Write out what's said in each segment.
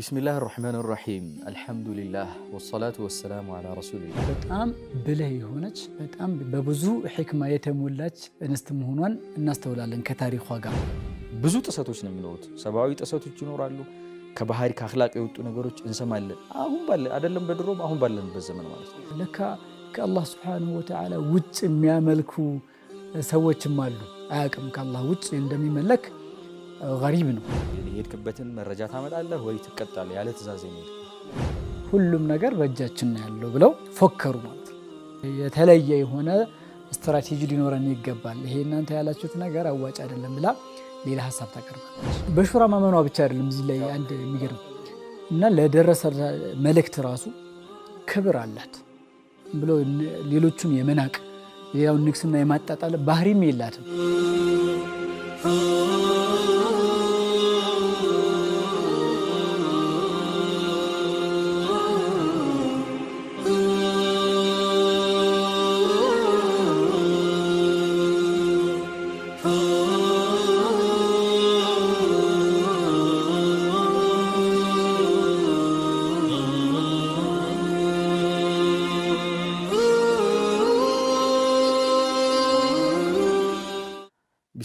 ቢስሚላህ ራህማን ራሒም አልሐምዱሊላህ ወሰላቱ ወሰላሙ አላ ረሱሊላህ። በጣም ብልህ የሆነች በጣም በብዙ ሕክማ የተሞላች እንስት መሆኗን እናስተውላለን። ከታሪኳ ጋር ብዙ ጥሰቶች ነው የሚኖሩት። ሰብአዊ ጥሰቶች ይኖራሉ። ከባህሪ ከአኽላቅ የወጡ ነገሮች እንሰማለን። አሁን ባለ አይደለም በድሮም አሁን ባለንበት ዘመን ማለት ነው። ለካ ከአላህ ስብሓነሁ ወተዓላ ውጭ የሚያመልኩ ሰዎችም አሉ። አያውቅም ከአላህ ውጭ እንደሚመለክ ገሪብ ነው። የሄድክበትን መረጃ ታመጣለህ ወይ ትቀጣለህ፣ ያለ ትእዛዝ ሁሉም ነገር በእጃችን ነው ያለው ብለው ፎከሩ። ማለት የተለየ የሆነ ስትራቴጂ ሊኖረን ይገባል። ይሄ እናንተ ያላችሁት ነገር አዋጭ አይደለም ብላ ሌላ ሀሳብ ታቀርባለች። በሹራ ማመኗ ብቻ አይደለም እዚህ ላይ አንድ የሚገርም እና ለደረሰ መልእክት ራሱ ክብር አላት ብሎ ሌሎቹን የመናቅ ሌላውን ንግስና የማጣጣል ባህሪም የላትም።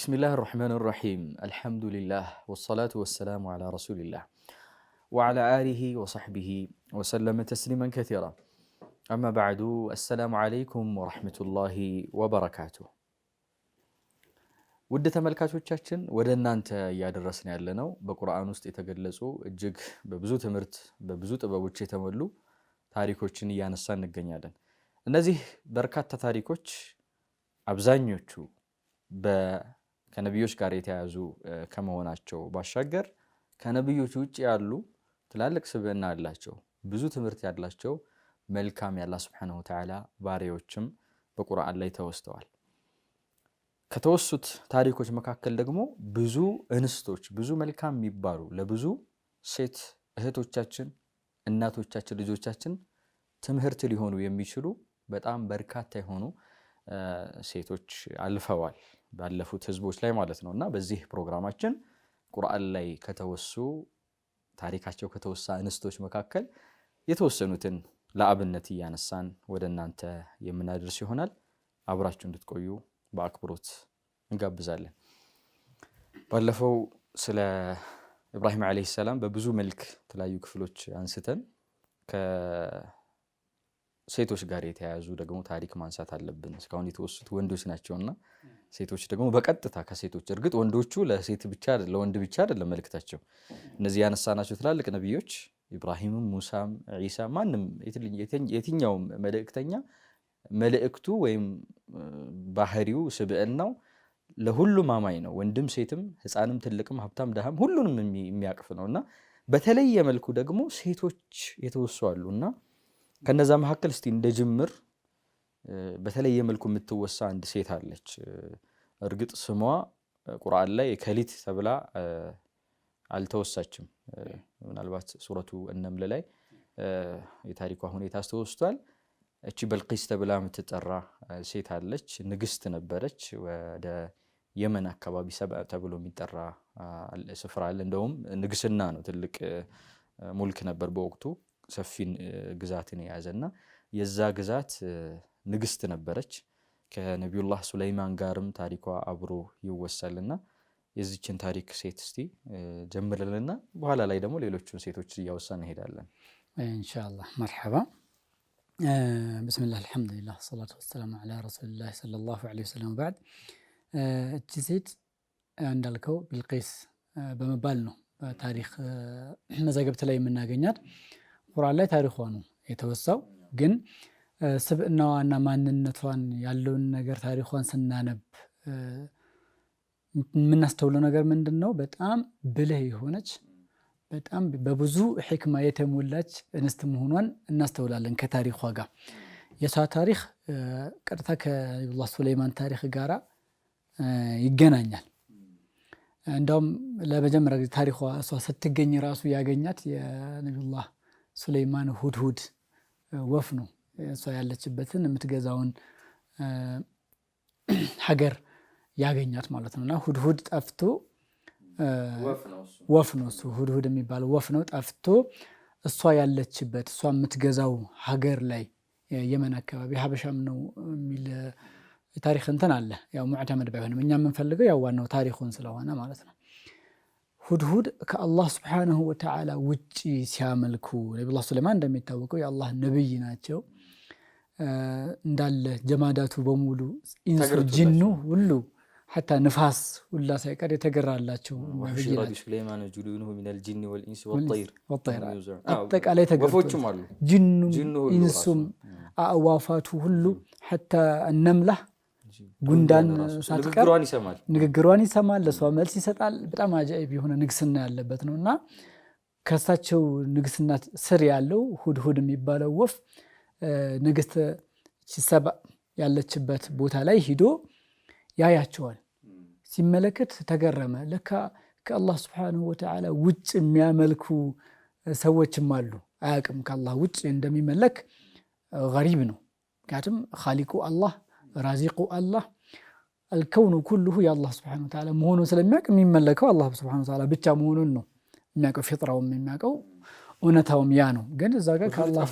ቢስሚላህ ራሕማን ራሒም አልሐምዱሊላህ ወሰላቱ ወሰላሙ ዓላ ረሱሊላህ ወዓላ አሊሂ ወሰሕቢሂ ወሰለመ ተስሊመን ከቲራ አማ ባዕዱ አሰላሙ ዓለይኩም ወረሕመቱላሂ ወበረካቱ። ውድ ተመልካቾቻችን ወደ እናንተ እያደረስን ያለነው በቁርአን ውስጥ የተገለጹ እጅግ በብዙ ትምህርት በብዙ ጥበቦች የተሞሉ ታሪኮችን እያነሳ እንገኛለን። እነዚህ በርካታ ታሪኮች አብዛኞቹ ከነቢዮች ጋር የተያያዙ ከመሆናቸው ባሻገር ከነቢዮች ውጭ ያሉ ትላልቅ ስብዕና ያላቸው ብዙ ትምህርት ያላቸው መልካም ያላ ሱብሓነሁ ወተዓላ ባሪያዎችም በቁርአን ላይ ተወስተዋል። ከተወሱት ታሪኮች መካከል ደግሞ ብዙ እንስቶች ብዙ መልካም የሚባሉ ለብዙ ሴት እህቶቻችን፣ እናቶቻችን፣ ልጆቻችን ትምህርት ሊሆኑ የሚችሉ በጣም በርካታ የሆኑ ሴቶች አልፈዋል ባለፉት ህዝቦች ላይ ማለት ነው። እና በዚህ ፕሮግራማችን ቁርአን ላይ ከተወሱ ታሪካቸው ከተወሳ እንስቶች መካከል የተወሰኑትን ለአብነት እያነሳን ወደ እናንተ የምናደርስ ይሆናል። አብራችሁ እንድትቆዩ በአክብሮት እንጋብዛለን። ባለፈው ስለ ኢብራሂም ዓለይሂ ሰላም በብዙ መልክ የተለያዩ ክፍሎች አንስተን ሴቶች ጋር የተያያዙ ደግሞ ታሪክ ማንሳት አለብን። እስካሁን የተወሱት ወንዶች ናቸውና ሴቶች ደግሞ በቀጥታ ከሴቶች እርግጥ ወንዶቹ ለሴት ብቻ ለወንድ ብቻ አይደለም መልእክታቸው። እነዚህ ያነሳናቸው ትላልቅ ነቢዮች ኢብራሂምም፣ ሙሳም፣ ዒሳ ማንም የትኛውም መልእክተኛ መልእክቱ ወይም ባህሪው ስብዕናው ለሁሉም አማኝ ነው። ወንድም ሴትም፣ ህፃንም ትልቅም፣ ሀብታም ድሃም ሁሉንም የሚያቅፍ ነው እና በተለየ መልኩ ደግሞ ሴቶች የተወሱ አሉ እና ከነዛ መካከል እስቲ እንደ ጅምር በተለየ መልኩ የምትወሳ አንድ ሴት አለች። እርግጥ ስሟ ቁርአን ላይ ከሊት ተብላ አልተወሳችም። ምናልባት ሱረቱ እነምል ላይ የታሪኳ ሁኔታ አስተወስቷል። እቺ በልቂስ ተብላ የምትጠራ ሴት አለች። ንግስት ነበረች። ወደ የመን አካባቢ ሰብአ ተብሎ የሚጠራ ስፍራ አለ። እንደውም ንግስና ነው፣ ትልቅ ሙልክ ነበር በወቅቱ ሰፊን ግዛትን የያዘ እና የዛ ግዛት ንግስት ነበረች። ከነቢዩላህ ሱለይማን ጋርም ታሪኳ አብሮ ይወሳልና የዚችን ታሪክ ሴት እስቲ ጀምርልና በኋላ ላይ ደግሞ ሌሎቹን ሴቶች እያወሳን እንሄዳለን እንሻላ። መርሐባ ብስምላህ አልሐምዱሊላህ ሰላቱ ወሰላሙ ዓላ ረሱሊላህ ሰለላሁ ዐለይሂ ወሰለም። በዕድ እቺ ሴት እንዳልከው ቢልቄስ በመባል ነው በታሪክ መዛገብት ላይ የምናገኛት ቁርአን ላይ ታሪኳ ነው የተወሳው። ግን እና ማንነቷን ያለውን ነገር ታሪኳን ስናነብ የምናስተውለው ነገር ምንድን ነው? በጣም ብልህ የሆነች በጣም በብዙ ሕክማ የተሞላች እንስት መሆኗን እናስተውላለን ከታሪኳ ጋር። የሷ ታሪክ ቀጥታ ከአብዱላህ ሱለይማን ታሪክ ጋራ ይገናኛል። እንዳውም ለመጀመሪያ ጊዜ ታሪኳ እሷ ስትገኝ ራሱ ያገኛት የነቢዩላህ ሱሌይማን ሁድሁድ ወፍ ነው። እሷ ያለችበትን የምትገዛውን ሀገር ያገኛት ማለት ነው። እና ሁድሁድ ጠፍቶ ወፍ ነው እሱ ሁድሁድ የሚባለው ወፍ ነው። ጠፍቶ እሷ ያለችበት እሷ የምትገዛው ሀገር ላይ የመን አካባቢ ሀበሻም ነው የሚል ታሪክ እንትን አለ። ያው ሙዕተመድ ባይሆንም እኛ የምንፈልገው ያው ዋናው ታሪኩን ስለሆነ ማለት ነው ሁድሁድ ከአላህ ስብሓነሁ ወተዓላ ውጪ ሲያመልኩ ነቢዩላህ ሱለይማን እንደሚታወቀው የአላህ ነብይ ናቸው። እንዳለ ጀማዳቱ በሙሉ ኢንሱ፣ ጅኑ ሁሉ ሐታ ንፋስ ሁላ ሳይቀር የተገራላቸው አጠቃላይ ተገርቶ ጅኑም ኢንሱም አእዋፋቱ ሁሉ ሐታ እነምላህ ጉንዳን ሳትቀር ንግግሯን ይሰማል፣ ለሷ መልስ ይሰጣል። በጣም አጃይብ የሆነ ንግስና ያለበት ነው እና ከእሳቸው ንግስና ስር ያለው ሁድሁድ የሚባለው ወፍ ንግስት ሲሰባ ያለችበት ቦታ ላይ ሂዶ ያያቸዋል። ሲመለከት ተገረመ። ለካ ከአላህ ስብሓነሁ ወተዓላ ውጭ የሚያመልኩ ሰዎችም አሉ። አያቅም ከአላህ ውጭ እንደሚመለክ ገሪብ ነው። ምክንያቱም ኻሊቁ አላህ ራዚቁ አላህ አልከውኑ ኩሉሁ የአላህ ስብሐነ ወተዓላ መሆኑን ስለሚያውቅ የሚመለከው አላህ ስብሐነ ወተዓላ ብቻ መሆኑን ነው የሚያውቀው። ፊጥራውም የሚያውቀው እውነታውም ያ ነው። ግን እዛ ጋር ከአላህ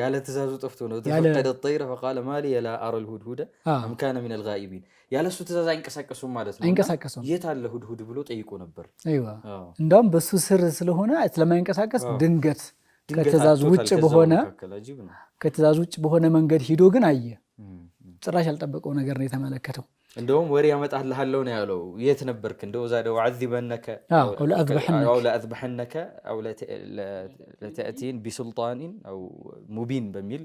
ያለ ትእዛዙ ጠፍቶ ነው። ተፈቀደ ጠይረ ፈቃለ ማ ሊየ አረል ሁድሁደ አም ሚነል ጋኢቢን። ያለ እሱ ትእዛዝ አይንቀሳቀሱም ማለት ነው። አይንቀሳቀሱም። የት አለ ሁድሁድ ብሎ ጠይቆ ነበር። እንዳውም በሱ ስር ስለሆነ ስለማይንቀሳቀስ ድንገት ከትእዛዝ ውጭ በሆነ መንገድ ሂዶ ግን አየ ጭራሽ ያልጠበቀው ነገር ነው የተመለከተው። እንደውም ወሬ ያመጣልሃለው ነው ያለው። የት ነበርክ? እንደው እዛ ደው ለአዝበሐነከ ለተእቲን ቢሱልጣኒን ሙቢን በሚል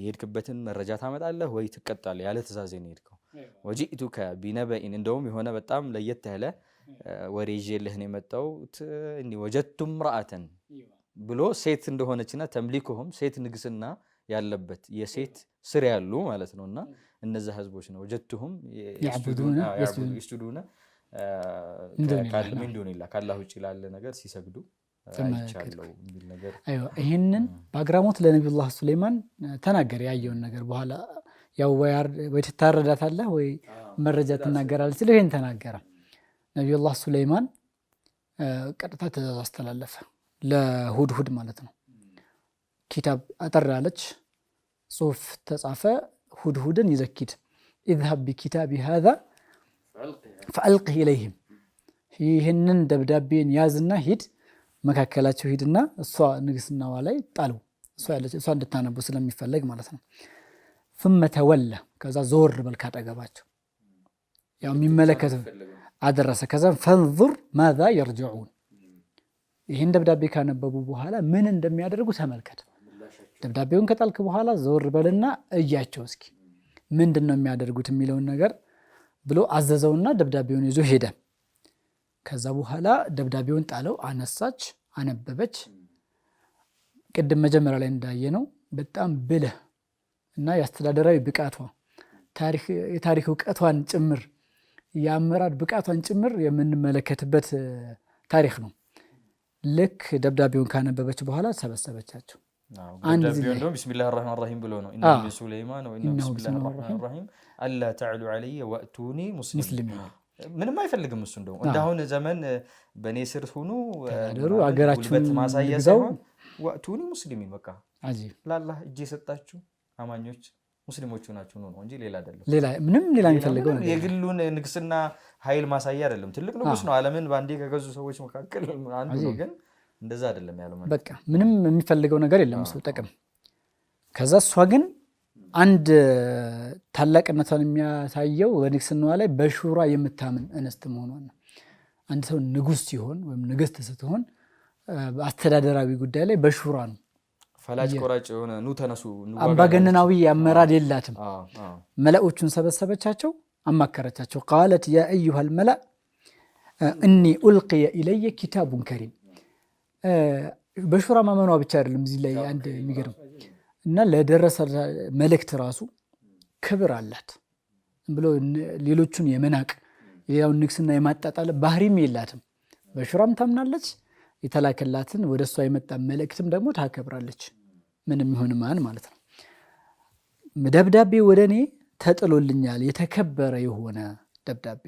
የሄድክበትን መረጃ ታመጣለህ ወይ ትቀጣለህ ያለ ትእዛዜ ነው የሄድከው። ወጂእቱከ ቢነበኢን እንደውም የሆነ በጣም ለየት ያለ ወሬ ይዤልህ የመጣሁት። ወጀድቱ ምርአተን ብሎ ሴት እንደሆነችና ተምሊኮሁም ሴት ንግስና ያለበት የሴት ስር ያሉ ማለት ነው። እና እነዚ ህዝቦች ነው ጀትሁም የስጁዱነ ሚንዱንላ ካላህ ውጭ ላለ ነገር ሲሰግዱ ይህንን በአግራሞት ለነቢዩላህ ሱሌይማን ተናገር ያየውን ነገር በኋላ ያው ወይ ትታረዳታለህ ወይ መረጃ ትናገራል ሲለው ይህን ተናገረ። ነቢዩላህ ሱሌይማን ቀጥታ ትእዛዝ አስተላለፈ ለሁድሁድ ማለት ነው። ኪታብ አጠር ያለች ጽሁፍ ተጻፈ። ሁድሁድን ይዘኪድ ኢዝሀብ ቢኪታቢ ሃዛ ፈአልቅህ ኢለይህም፣ ይህንን ደብዳቤን ያዝና ሂድ መካከላቸው ሂድና እሷ ንግስናዋ ላይ ጣለው፣ እሷ እንድታነቡ ስለሚፈለግ ማለት ነው። ፍመ ተወላ፣ ከዛ ዞር በል ካጠገባቸው፣ ያው የሚመለከት አደረሰ። ከዛም ፈንዙር ማዛ የርጅዑን፣ ይህን ደብዳቤ ካነበቡ በኋላ ምን እንደሚያደርጉ ተመልከት። ደብዳቤውን ከጣልክ በኋላ ዘወር በልና እያቸው እስኪ ምንድን ነው የሚያደርጉት የሚለውን ነገር ብሎ አዘዘውና ደብዳቤውን ይዞ ሄደ። ከዛ በኋላ ደብዳቤውን ጣለው። አነሳች፣ አነበበች። ቅድም መጀመሪያ ላይ እንዳየ ነው በጣም ብልህ እና የአስተዳደራዊ ብቃቷ የታሪክ እውቀቷን ጭምር የአመራር ብቃቷን ጭምር የምንመለከትበት ታሪክ ነው። ልክ ደብዳቤውን ካነበበች በኋላ ሰበሰበቻቸው። ቢስሚላህ ራህማን ራሂም ብሎ ነው ሱለይማን አላ ተዕሉ ወእቱኒ ሙስሊም ምንም አይፈልግም እሱ እንደውም እንደ አሁን ዘመን በእኔ ስር ሁኑ ጉልበት ማሳያ ሳይሆን ወእቱኒ በቃ እጅ የሰጣችሁ አማኞች ሙስሊሞቹ ናችሁ ነው እንጂ ሌላ አይደለም። ምንም ሌላ የሚፈልገው የግሉን ንግስና ኃይል ማሳያ አይደለም። ትልቅ ንጉስ ነው። ዓለምን በአንዴ ከገዙ ሰዎች መካከል አንዱ ነው ግን እንደዛ አይደለም ያለው። በቃ ምንም የሚፈልገው ነገር የለም እሱ ጥቅም። ከዛ እሷ ግን አንድ ታላቅነቷን የሚያሳየው በንግስናዋ ላይ በሹራ የምታምን እንስት መሆኗ ነው። አንድ ሰው ንጉስ ሲሆን ወይም ንግስት ስትሆን በአስተዳደራዊ ጉዳይ ላይ በሹራ ነው። ፈላጭ ቆራጭ የሆነ ኑ ተነሱ አምባገነናዊ አመራር የላትም። መላእኮቹን ሰበሰበቻቸው፣ አማከረቻቸው። ቃለት ያ አዩሃ ልመላእ እኒ ኡልቅየ ኢለየ ኪታቡን ከሪም በሹራ ማመኗ ብቻ አይደለም እዚህ ላይ አንድ የሚገርም እና ለደረሰ መልእክት ራሱ ክብር አላት ብሎ ሌሎቹን የመናቅ የሌላውን ንግስና የማጣጣል ባህሪም የላትም። በሹራም ታምናለች። የተላከላትን ወደ እሷ የመጣ መልእክትም ደግሞ ታከብራለች። ምንም ይሁን ማን ማለት ነው። ደብዳቤ ወደ እኔ ተጥሎልኛል፣ የተከበረ የሆነ ደብዳቤ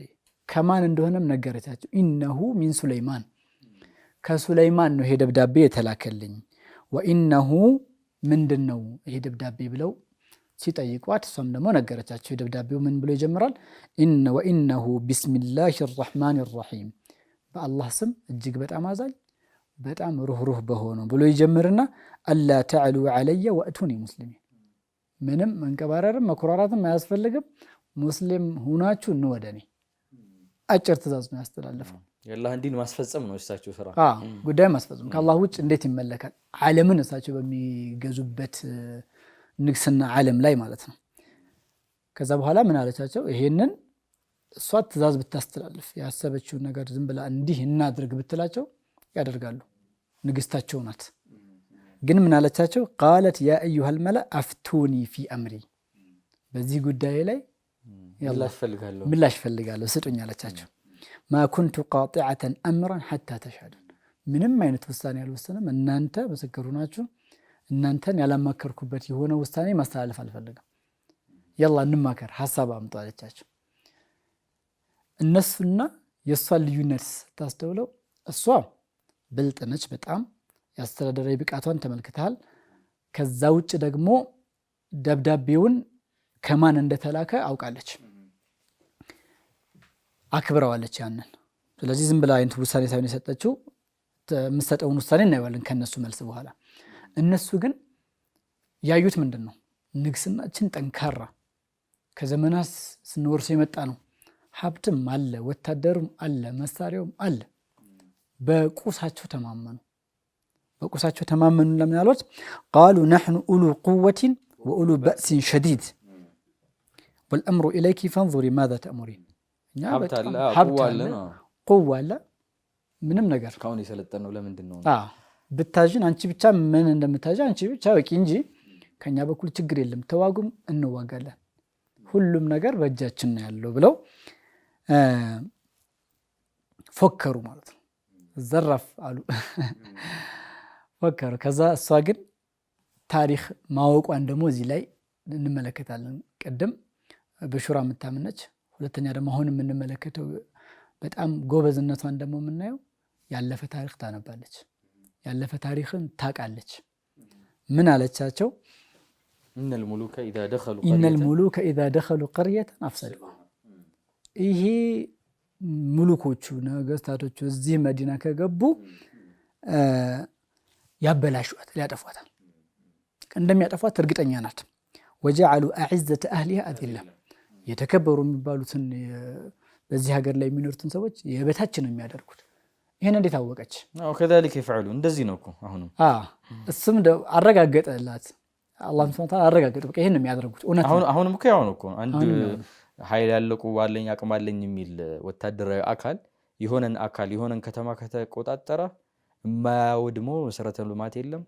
ከማን እንደሆነም ነገረቻቸው። ኢነሁ ሚን ሱለይማን ከሱለይማን ነው ይሄ ደብዳቤ የተላከልኝ ወኢነሁ ምንድን ነው ይሄ ደብዳቤ ብለው ሲጠይቋት እሷም ደግሞ ነገረቻቸው። የደብዳቤው ምን ብሎ ይጀምራል? ወኢነሁ ቢስሚላህ ራሕማን ራሒም በአላህ ስም እጅግ በጣም አዛኝ በጣም ሩህሩህ በሆነ ብሎ ይጀምርና አላ ተዕሉ ዓለየ ወእቱኒ ሙስሊሚን። ምንም መንቀባረርም መኩራራትም አያስፈልግም። ሙስሊም ሁናችሁ እንወደኔ አጭር ትእዛዝ ነው ያስተላለፈው። የአላህን ዲን ማስፈጸም ነው እሳቸው ስራ ጉዳይ ማስፈጸም። ከአላህ ውጭ እንዴት ይመለካል? ዓለምን እሳቸው በሚገዙበት ንግስና ዓለም ላይ ማለት ነው። ከዛ በኋላ ምን አለቻቸው? ይሄንን እሷ ትእዛዝ ብታስተላልፍ ያሰበችውን ነገር ዝም ብላ እንዲህ እናድርግ ብትላቸው ያደርጋሉ። ንግስታቸው ናት። ግን ምን አለቻቸው? ቃለት ያ አዩሃል መላ አፍቱኒ ፊ አምሪ በዚህ ጉዳይ ላይ ምላሽ ፈልጋለሁ ስጡኝ አለቻቸው። ማኩንቱ ቃጢዓተን አምራን ሐታ ተሻዱን ምንም አይነት ውሳኔ አልወሰንም። እናንተ ምስክሩ ናችሁ። እናንተን ያላማከርኩበት የሆነ ውሳኔ ማስተላለፍ አልፈልግም። ያላ እንማከር፣ ሀሳብ አምጡ አለቻቸው። እነሱና የእሷን ልዩነት ስታስተውለው እሷ ብልጥ ነች በጣም የአስተዳደራዊ ብቃቷን ተመልክተሃል። ከዛ ውጭ ደግሞ ደብዳቤውን ከማን እንደተላከ አውቃለች፣ አክብረዋለች ያንን። ስለዚህ ዝም ብላ አይነት ውሳኔ ሳይሆን የሰጠችው የምትሰጠውን ውሳኔ እናየዋለን ከእነሱ መልስ በኋላ። እነሱ ግን ያዩት ምንድን ነው? ንግስናችን ጠንካራ ከዘመናት ስንወርሶ የመጣ ነው። ሀብትም አለ፣ ወታደሩም አለ፣ መሳሪያውም አለ። በቁሳቸው ተማመኑ። በቁሳቸው ተማመኑ ለምን አሉት? ቃሉ ነሕኑ ኡሉ ቁወቲን ወኡሉ በእሲን ሸዲድ ወልአምሩ ኢለይኪ ፈንዙሪ ማዛ ተእሙሪን ቁዋ አለ ምንም ነገር ከአሁን የሰለጠን ነው። ለምንድን ነው ብታዥን አንቺ ብቻ ምን እንደምታዥ አንቺ ብቻ ወቂ እንጂ ከኛ በኩል ችግር የለም። ተዋጉም እንዋጋለን። ሁሉም ነገር በእጃችን ነው ያለው ብለው ፎከሩ ማለት ነው። ዘራፍ አሉ ፎከሩ። ከዛ እሷ ግን ታሪክ ማወቋን ደግሞ እዚህ ላይ እንመለከታለን። ቅድም በሹራ የምታምነች ሁለተኛ ደግሞ አሁን የምንመለከተው በጣም ጎበዝነቷን ደግሞ የምናየው ያለፈ ታሪክ ታነባለች፣ ያለፈ ታሪክን ታውቃለች። ምን አለቻቸው? ኢነል ሙሉከ ኢዛ ደኸሉ ቀርየተን አፍሰዱ። ይሄ ሙሉኮቹ ነገስታቶቹ እዚህ መዲና ከገቡ ያበላሿት፣ ሊያጠፏታል። እንደሚያጠፏት እርግጠኛ ናት። ወጀዓሉ አዕዘተ አህሊሃ አዚላ የተከበሩ የሚባሉትን በዚህ ሀገር ላይ የሚኖሩትን ሰዎች የበታች ነው የሚያደርጉት። ይህን እንዴት አወቀች? ከሊክ ይፍዐሉ እንደዚህ ነው እኮ አሁንም እሱም አረጋገጠላት። አላህ አረጋገጠ። በቃ ይህን ነው የሚያደርጉት። እውነት አሁንም እኮ ያው ነው እኮ አንድ ኃይል ያለቁ ባለኝ አቅም አለኝ የሚል ወታደራዊ አካል የሆነን አካል የሆነን ከተማ ከተቆጣጠረ የማያወድመው መሰረተ ልማት የለም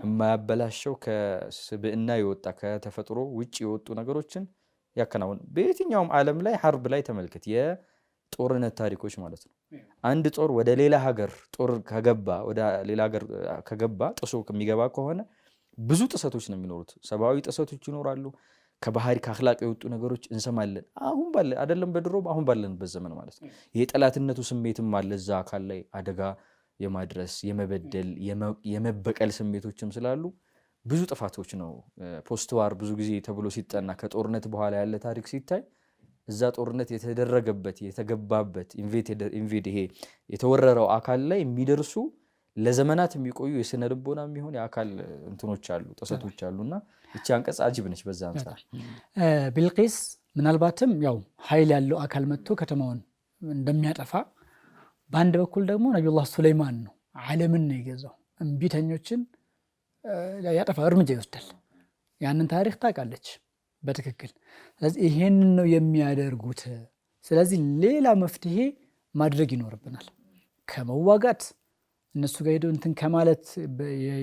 የማያበላሸው ከስብዕና የወጣ ከተፈጥሮ ውጭ የወጡ ነገሮችን ያከናውን። በየትኛውም ዓለም ላይ ሀርብ ላይ ተመልከት፣ የጦርነት ታሪኮች ማለት ነው። አንድ ጦር ወደ ሌላ ሀገር ጦር ከገባ ወደ ሌላ ሀገር ከገባ ጥሶ ከሚገባ ከሆነ ብዙ ጥሰቶች ነው የሚኖሩት። ሰብአዊ ጥሰቶች ይኖራሉ። ከባህሪ ከአክላቅ የወጡ ነገሮች እንሰማለን። አሁን ባለ አይደለም በድሮ አሁን ባለንበት ዘመን ማለት ነው። የጠላትነቱ ስሜትም አለ። እዛ አካል ላይ አደጋ የማድረስ የመበደል የመበቀል ስሜቶችም ስላሉ ብዙ ጥፋቶች ነው። ፖስትዋር ብዙ ጊዜ ተብሎ ሲጠና ከጦርነት በኋላ ያለ ታሪክ ሲታይ እዛ ጦርነት የተደረገበት የተገባበት ኢንቬድ ይሄ የተወረረው አካል ላይ የሚደርሱ ለዘመናት የሚቆዩ የስነ ልቦና የሚሆን የአካል እንትኖች አሉ፣ ጥሰቶች አሉ እና እቺ አንቀጽ አጅብ ነች በዛ አንጻር። ቢልቂስ ምናልባትም ያው ኃይል ያለው አካል መጥቶ ከተማውን እንደሚያጠፋ በአንድ በኩል ደግሞ ነቢዩላህ ሱለይማን ነው ዓለምን ነው የገዛው እምቢተኞችን ያጠፋ እርምጃ ይወስዳል። ያንን ታሪክ ታውቃለች በትክክል። ስለዚህ ይሄንን ነው የሚያደርጉት። ስለዚህ ሌላ መፍትሄ ማድረግ ይኖርብናል። ከመዋጋት እነሱ ጋር ሄዶ እንትን ከማለት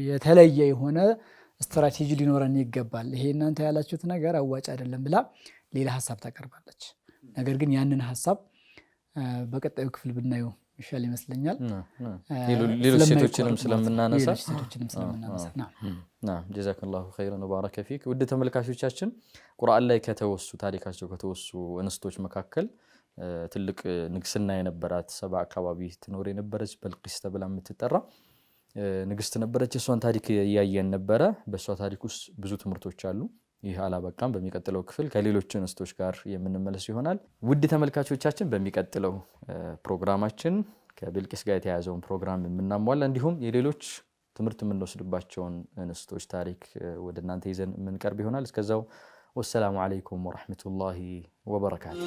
የተለየ የሆነ ስትራቴጂ ሊኖረን ይገባል። ይሄ እናንተ ያላችሁት ነገር አዋጭ አይደለም ብላ ሌላ ሀሳብ ታቀርባለች። ነገር ግን ያንን ሀሳብ በቀጣዩ ክፍል ብናየው የሚሻል ይመስለኛል። ሌሎች ሴቶችንም ስለምናነሳ ጀዛክላሁ ኸይረን ወባረከ ፊክ። ውድ ተመልካቾቻችን ቁርአን ላይ ከተወሱ ታሪካቸው ከተወሱ እንስቶች መካከል ትልቅ ንግስና የነበራት ሰባ አካባቢ ትኖር የነበረች በልቂስ ተብላ የምትጠራ ንግስት ነበረች። እሷን ታሪክ እያየን ነበረ። በእሷ ታሪክ ውስጥ ብዙ ትምህርቶች አሉ። ይህ አላበቃም። በሚቀጥለው ክፍል ከሌሎች እንስቶች ጋር የምንመለስ ይሆናል። ውድ ተመልካቾቻችን፣ በሚቀጥለው ፕሮግራማችን ከብልቂስ ጋር የተያያዘውን ፕሮግራም የምናሟላ እንዲሁም የሌሎች ትምህርት የምንወስድባቸውን እንስቶች ታሪክ ወደ እናንተ ይዘን የምንቀርብ ይሆናል። እስከዛው ወሰላሙ አለይኩም ወረሕመቱላሂ ወበረካቱ።